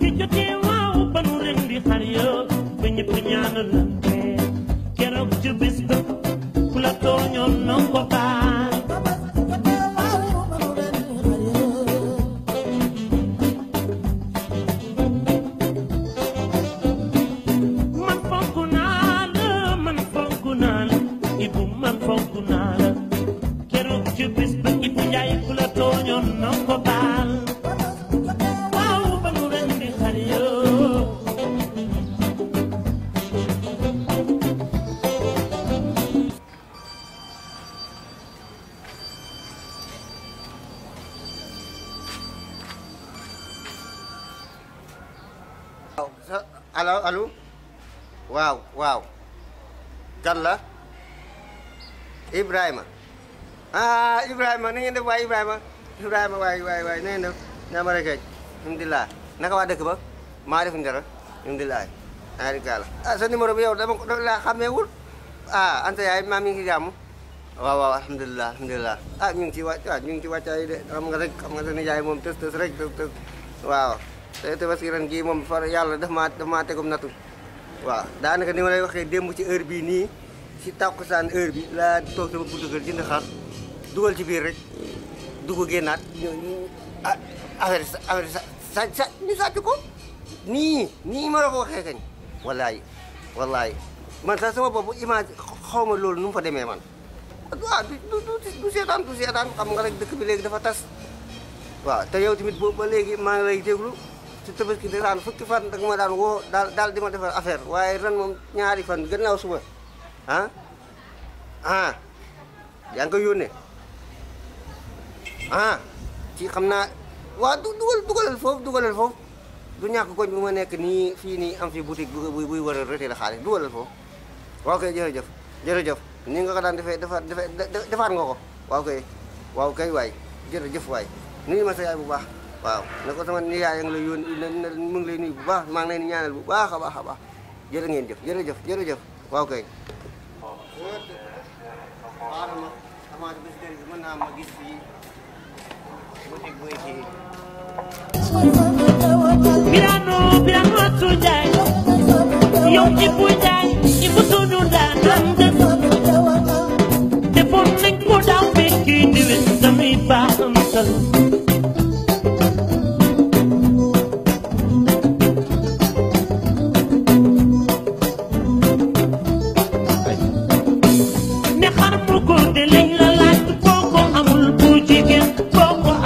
tabaski jotee waaw ba nu rendi xar ya ba ñëpp ñaanalante keroog ci bis ku la tooñoon nanga ko baal alo alo waaw waaw gan la Ibrahima ah Ibrahima na ngeen def waay Ibrahima Ibrahima waay waay waay na ngeen def na ma rek alhamdulilah naka waa dëkk ba maa def ndara alhamdulilah arikala ah sa numéro bi yow dama ko laa xàmmeewul ah anta yaay maa mi ngi jàmm waaw waaw alhamdulilah alhamdulilah ah ñu ngi ci wàcc waaw ñu ngi ci wàccaay de xam nga rek xam nga sa nijaay moom tës tës rek tës waaw te eh, tabaskiran gi moom far yàlla ya daf maa daf maa tegum natu waaw daanaka ni ma lay waxee démb ci heure bii nii si tàkkusaan heure bi laa toog sama buntu kër jënd xaar dugal ci biir rek dugg génnaat ñooñu ah affaire affaire sa sa ñu sàcc ko nii nii ma la ko waxee kañ wallaay wallaay man sax sama bopp image xaw ma loolu nu mu fa demee man waaw du du du seetaan du seetaan xam nga rek dëkk bi léegi dafa tas waaw te yow tamit boobu ba léegi maa lay déglu te tabaski da daan fukki fan da nga ma daan woo daal daal di ma defal affaire waaye ren moom ñaari fan gannaaw suba ah ah yaa ngi ko yónnee ah ci xam naa waa du dugal dugalal foofu dugalal foofu du ñàkk koñ bu ma nekk nii fii nii am fi boutique bu buy war a rëtee la xaalis dugalal foofu waaw kay jërëjëf jërëjëf ni nga ko daan defee defaat defee defaat nga ko waaw kay waaw kay waay jërëjëf waay nuyu ma sa bu baax waaw ne ko sama nijaay nga la yóon mu ngi lay nuyu bu baax maa ngi leen ñaanal bu baax a baax a baax jërë ngeen jëf waaw kay pa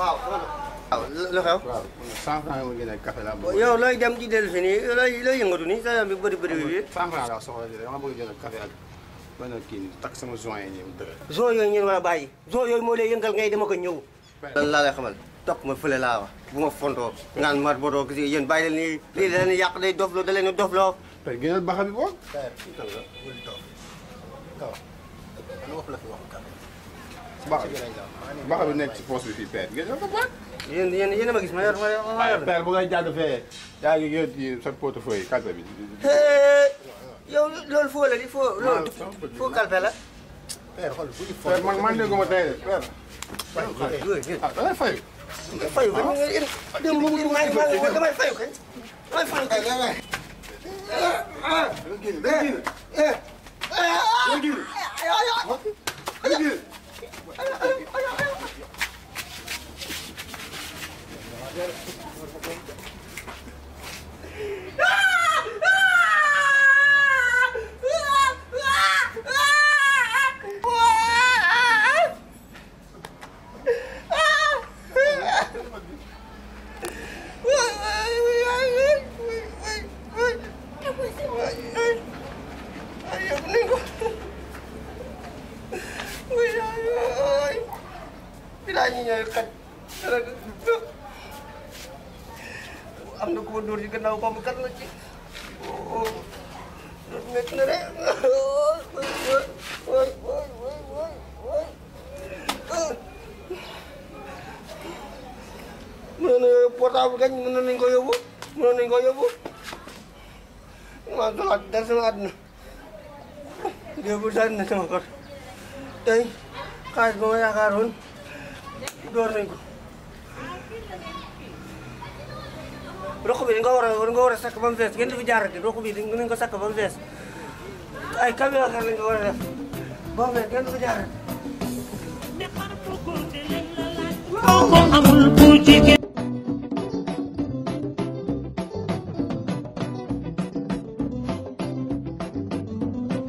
lo xew cent franc mo génne café la yow looy dem ci dellu si nii looy looy yëngatu nii sa bi bëri bëri bi cent franc laa soxla ji dama bëgg jënd café ak benn kii nii takk sama joint yi nii dëgg zoo yooyu ngeen war a bàyyi zoo yooyu moo lay yëngal ngay dama ko ñëw lan laa lay xamal topp ma fële laa wax bu ma fontoo ngaan mat botoo gis yéen bàyyi leen nii lii da leen yàq day dofloo da leen dofloo per génnal baxa bi boo baax baax lu nekk ci poche bi fii père ngeen doon ko baax. yéen yéen yéen a ma gis ma yor ma yor ma yor. père bu ngay jàdd fee yaa ngi yor ci sa portefeuille calpe bi. yow loolu foo la foo ah, loolu la. père man man déggu ma tey de père. Ah, fayu ah fayu. fayu ko démb mu ma ma damay fayu kañ. damay fayu kañ. ah ah. Thank you. nyanyinya kan am na ku ma dóor lagi? gannaaw ba mu kan la ci nekk na rek waay waay waay waay waay mënoon na portable gañ mënoon sama kor door nañ ko roq bi dañ ko war a dañ ko war a sakk ba mu fees ngeen di fi jaarati roq bi dañ ko sakk ba mu fees ay camion xel lañ ko war a def ba mu fees ngeen di fi